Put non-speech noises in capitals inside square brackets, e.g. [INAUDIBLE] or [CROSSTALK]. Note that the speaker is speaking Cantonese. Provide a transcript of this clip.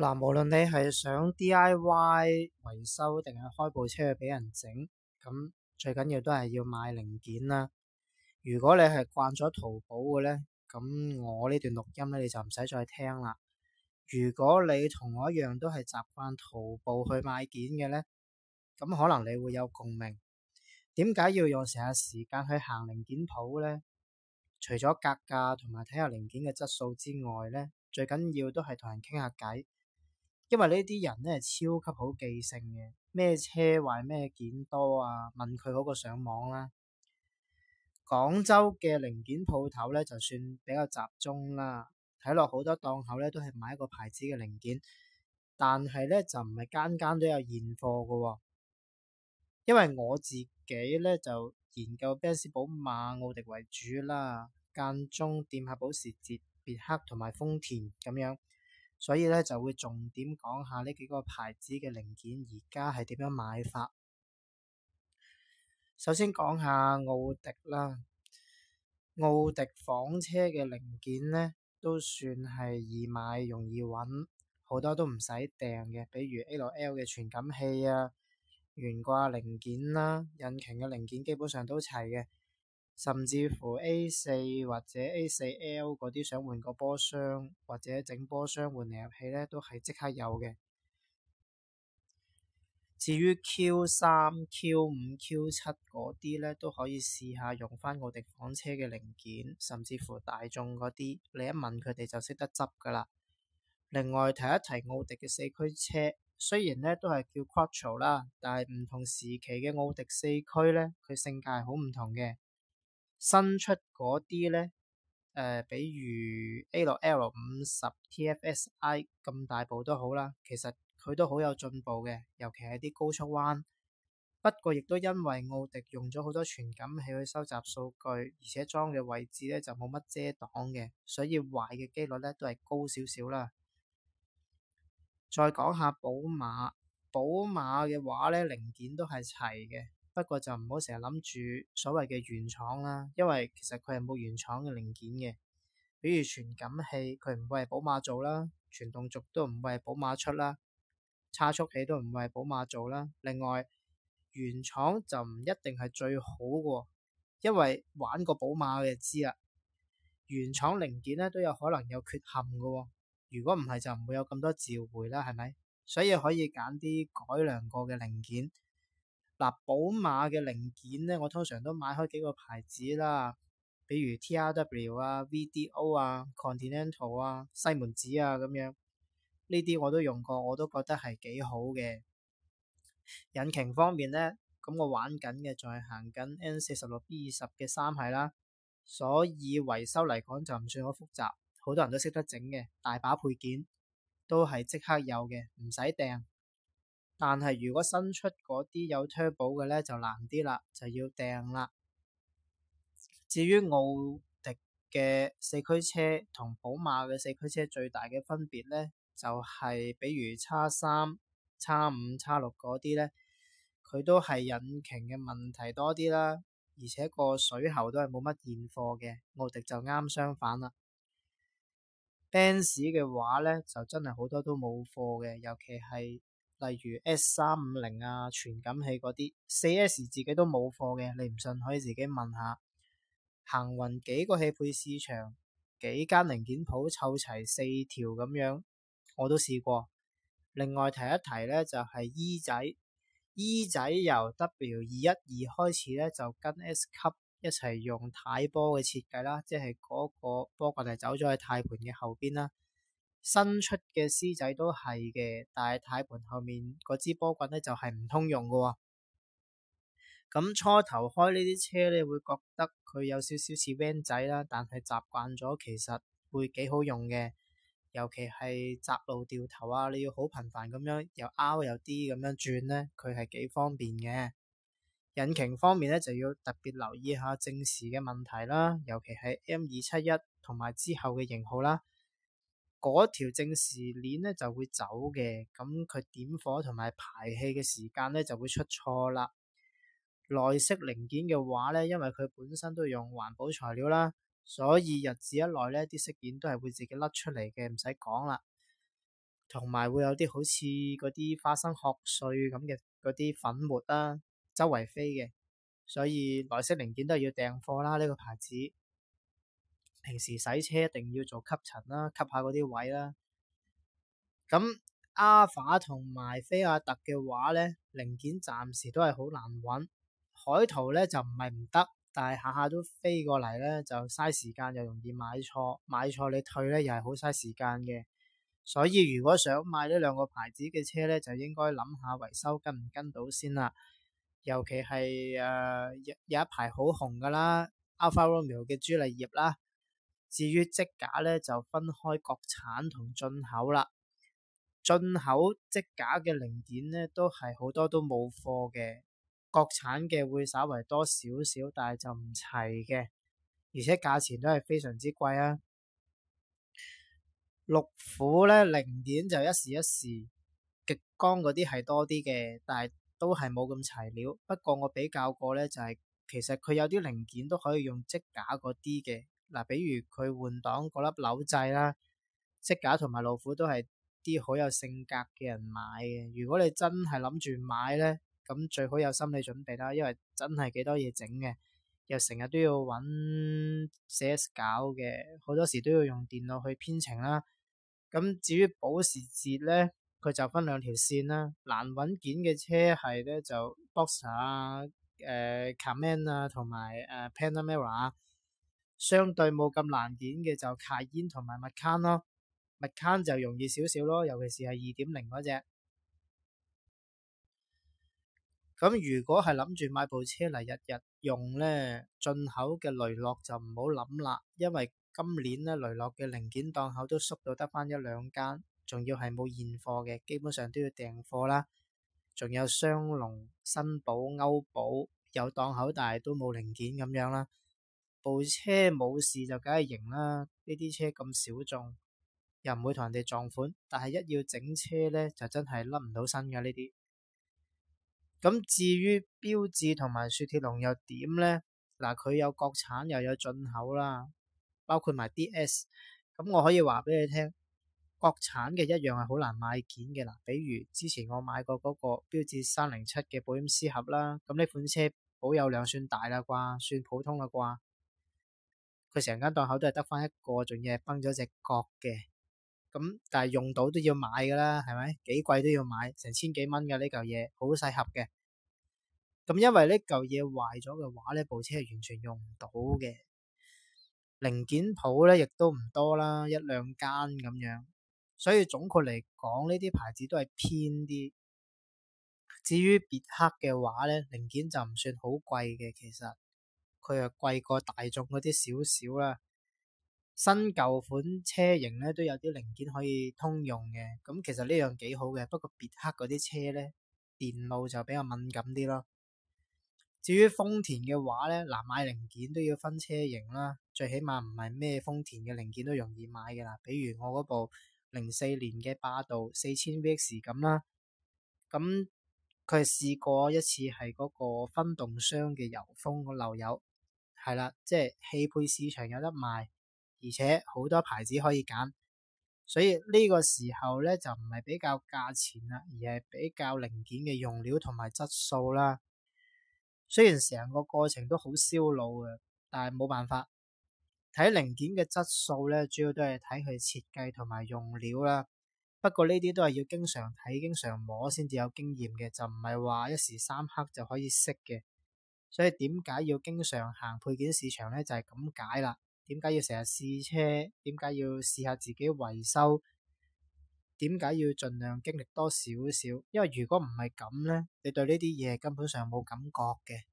嗱，無論你係想 D.I.Y. 維修定係開部車去俾人整，咁最緊要都係要買零件啦。如果你係慣咗淘寶嘅呢，咁我呢段錄音呢，你就唔使再聽啦。如果你同我一樣都係習慣淘寶去買件嘅呢，咁可能你會有共鳴。點解要用成日時間去行零件鋪呢？除咗格價同埋睇下零件嘅質素之外呢，最緊要都係同人傾下偈。因為呢啲人咧係超級好記性嘅，咩車壞咩件多啊？問佢嗰個上網啦。廣州嘅零件鋪頭咧，就算比較集中啦，睇落，好多檔口咧都係買一個牌子嘅零件，但係咧就唔係間間都有現貨噶啊。因為我自己咧就研究奔馳、寶馬、奧迪為主啦，間中掂下保時捷、別克同埋豐田咁樣。所以咧就會重點講下呢幾個牌子嘅零件，而家係點樣買法。首先講下奧迪啦，奧迪房車嘅零件呢，都算係易買，容易揾，好多都唔使訂嘅，比如 A6L 嘅傳感器啊、懸掛零件啦、引擎嘅零件基本上都齊嘅。甚至乎 A 四或者 A 四 L 嗰啲想換個波箱或者整波箱換嚟入氣呢都係即刻有嘅。至於 Q 三、Q 五、Q 七嗰啲呢，都可以試下用翻奧迪房車嘅零件，甚至乎大眾嗰啲，你一問佢哋就識得執噶啦。另外提一提奧迪嘅四驅車，雖然呢都係叫 Quattro 啦，但係唔同時期嘅奧迪四驅呢，佢性格係好唔同嘅。新出嗰啲呢，呃，比如 A 六 L 五十 TFSI 咁大部都好啦，其實佢都好有進步嘅，尤其係啲高速彎。不過亦都因為奧迪用咗好多傳感器去收集數據，而且裝嘅位置呢就冇乜遮擋嘅，所以壞嘅機率呢都係高少少啦。再講下寶馬，寶馬嘅話呢零件都係齊嘅。不過就唔好成日諗住所謂嘅原廠啦，因為其實佢係冇原廠嘅零件嘅。比如傳感器，佢唔會係寶馬做啦；傳動軸都唔會係寶馬出啦；差速器都唔會係寶馬做啦。另外，原廠就唔一定係最好噶，因為玩過寶馬嘅知啦，原廠零件咧都有可能有缺陷噶。如果唔係就唔會有咁多召回啦，係咪？所以可以揀啲改良過嘅零件。嗱，寶馬嘅零件呢，我通常都買開幾個牌子啦，比如 TRW 啊、VDO 啊、Continental 啊、西門子啊咁樣，呢啲我都用過，我都覺得係幾好嘅。引擎方面呢，咁我玩緊嘅仲係行緊 N46B20 嘅三系啦，所以維修嚟講就唔算好複雜，好多人都識得整嘅，大把配件都係即刻有嘅，唔使訂。但係如果新出嗰啲有 turbo 嘅呢，就難啲啦，就要訂啦。至於奧迪嘅四驅車同寶馬嘅四驅車最大嘅分別呢，就係、是、比如叉三、叉五、叉六嗰啲呢，佢都係引擎嘅問題多啲啦，而且個水喉都係冇乜現貨嘅。奧迪就啱相反啦。 [LAUGHS] Benz 嘅話呢，就真係好多都冇貨嘅，尤其係。例如 S 三五零啊，傳感器嗰啲，四 S 自己都冇貨嘅，你唔信可以自己問下。行匀幾個汽配市場，幾間零件鋪湊齊四條咁樣，我都試過。另外提一提咧，就係 E 仔，E 仔由 W 二一二開始咧，就跟 S 級一齊用太波嘅設計啦，即係嗰個波棍係走咗去太盤嘅後邊啦。新出嘅 C 仔都係嘅，但係軚盤後面嗰支波棍呢就係唔通用㗎喎。咁初頭開呢啲車，呢，會覺得佢有少少似 van 仔啦，但係習慣咗，其實會幾好用嘅。尤其係窄路掉頭啊，你要好頻繁咁樣又 R 又 D 咁樣轉呢，佢係幾方便嘅。引擎方面呢，就要特別留意下正時嘅問題啦，尤其係 M 二七一同埋之後嘅型號啦。嗰條正時鏈呢就會走嘅，咁佢點火同埋排氣嘅時間呢就會出錯啦。內飾零件嘅話呢，因為佢本身都用環保材料啦，所以日子一耐呢，啲飾件都係會自己甩出嚟嘅，唔使講啦。同埋會有啲好似嗰啲花生殼碎咁嘅嗰啲粉末啊，周圍飛嘅，所以內飾零件都係要訂貨啦呢個牌子。平時洗車一定要做吸塵啦，吸下嗰啲位啦。咁阿法同埋菲亞特嘅話呢，零件暫時都係好難揾，海淘呢就唔係唔得，但係下下都飛過嚟呢，就嘥時間又容易買錯，買錯你退呢，又係好嘥時間嘅。所以如果想買呢兩個牌子嘅車呢，就應該諗下維修跟唔跟到先啦。尤其係誒、呃、有，有一排好紅噶啦，Alfa Romeo 嘅朱麗葉啦。至於積架咧，就分開國產同進口啦。進口積架嘅零件咧，都係好多都冇貨嘅；國產嘅會稍為多少少，但係就唔齊嘅，而且價錢都係非常之貴啊。六虎咧零件就一時一時，極光嗰啲係多啲嘅，但係都係冇咁齊料。不過我比較過咧，就係、是、其實佢有啲零件都可以用積架嗰啲嘅。嗱，比如佢換檔嗰粒、那個、扭掣啦，積架同埋路虎都係啲好有性格嘅人買嘅。如果你真係諗住買咧，咁最好有心理準備啦，因為真係幾多嘢整嘅，又成日都要揾四 S 搞嘅，好多時都要用電腦去編程啦。咁至於保時捷咧，佢就分兩條線啦，難揾件嘅車係咧就 Boxer 啊、誒、呃、Cayman 啊同埋誒 Panamera 啊。相對冇咁難點嘅就卡宴同埋麥卡咯，麥卡就容易少少咯，尤其是係二點零嗰隻。咁如果係諗住買部車嚟日日用呢，進口嘅雷諾就唔好諗啦，因為今年呢，雷諾嘅零件檔口都縮到得返一兩間，仲要係冇現貨嘅，基本上都要訂貨啦。仲有雙龍、新寶、歐寶有檔口，但係都冇零件咁樣啦。部車冇事就梗係型啦，呢啲車咁小眾，又唔會同人哋撞款，但係一要整車呢，就真係甩唔到身㗎呢啲。咁至於標緻同埋雪鐵龍又點呢？嗱，佢有國產又有進口啦，包括埋 DS。咁我可以話俾你聽，國產嘅一樣係好難買件嘅啦。比如之前我買過嗰個標緻三零七嘅保險絲盒啦，咁呢款車保有量算大啦啩，算普通啦啩。佢成間檔口都係得翻一個，仲要崩咗隻角嘅。咁但係用到都要買噶啦，係咪？幾貴都要買，成千幾蚊嘅呢嚿嘢，好細盒嘅。咁因為呢嚿嘢壞咗嘅話，呢部車係完全用唔到嘅。零件鋪呢亦都唔多啦，一兩間咁樣。所以總括嚟講，呢啲牌子都係偏啲。至於別克嘅話呢，零件就唔算好貴嘅，其實。佢又貴過大眾嗰啲少少啦，新舊款車型咧都有啲零件可以通用嘅，咁其實呢樣幾好嘅。不過別克嗰啲車咧電路就比較敏感啲咯。至於豐田嘅話咧，嗱買零件都要分車型啦，最起碼唔係咩豐田嘅零件都容易買嘅啦。比如我嗰部零四年嘅霸道四千 VX 咁啦，咁佢試過一次係嗰個分動箱嘅油封漏油。係啦，即係汽配市場有得賣，而且好多牌子可以揀，所以呢個時候呢就唔係比較價錢啦，而係比較零件嘅用料同埋質素啦。雖然成個過程都好燒腦嘅，但係冇辦法，睇零件嘅質素呢，主要都係睇佢設計同埋用料啦。不過呢啲都係要經常睇、經常摸先至有經驗嘅，就唔係話一時三刻就可以識嘅。所以點解要經常行配件市場呢？就係咁解啦。點解要成日試車？點解要試下自己維修？點解要盡量經歷多少少？因為如果唔係咁呢，你對呢啲嘢根本上冇感覺嘅。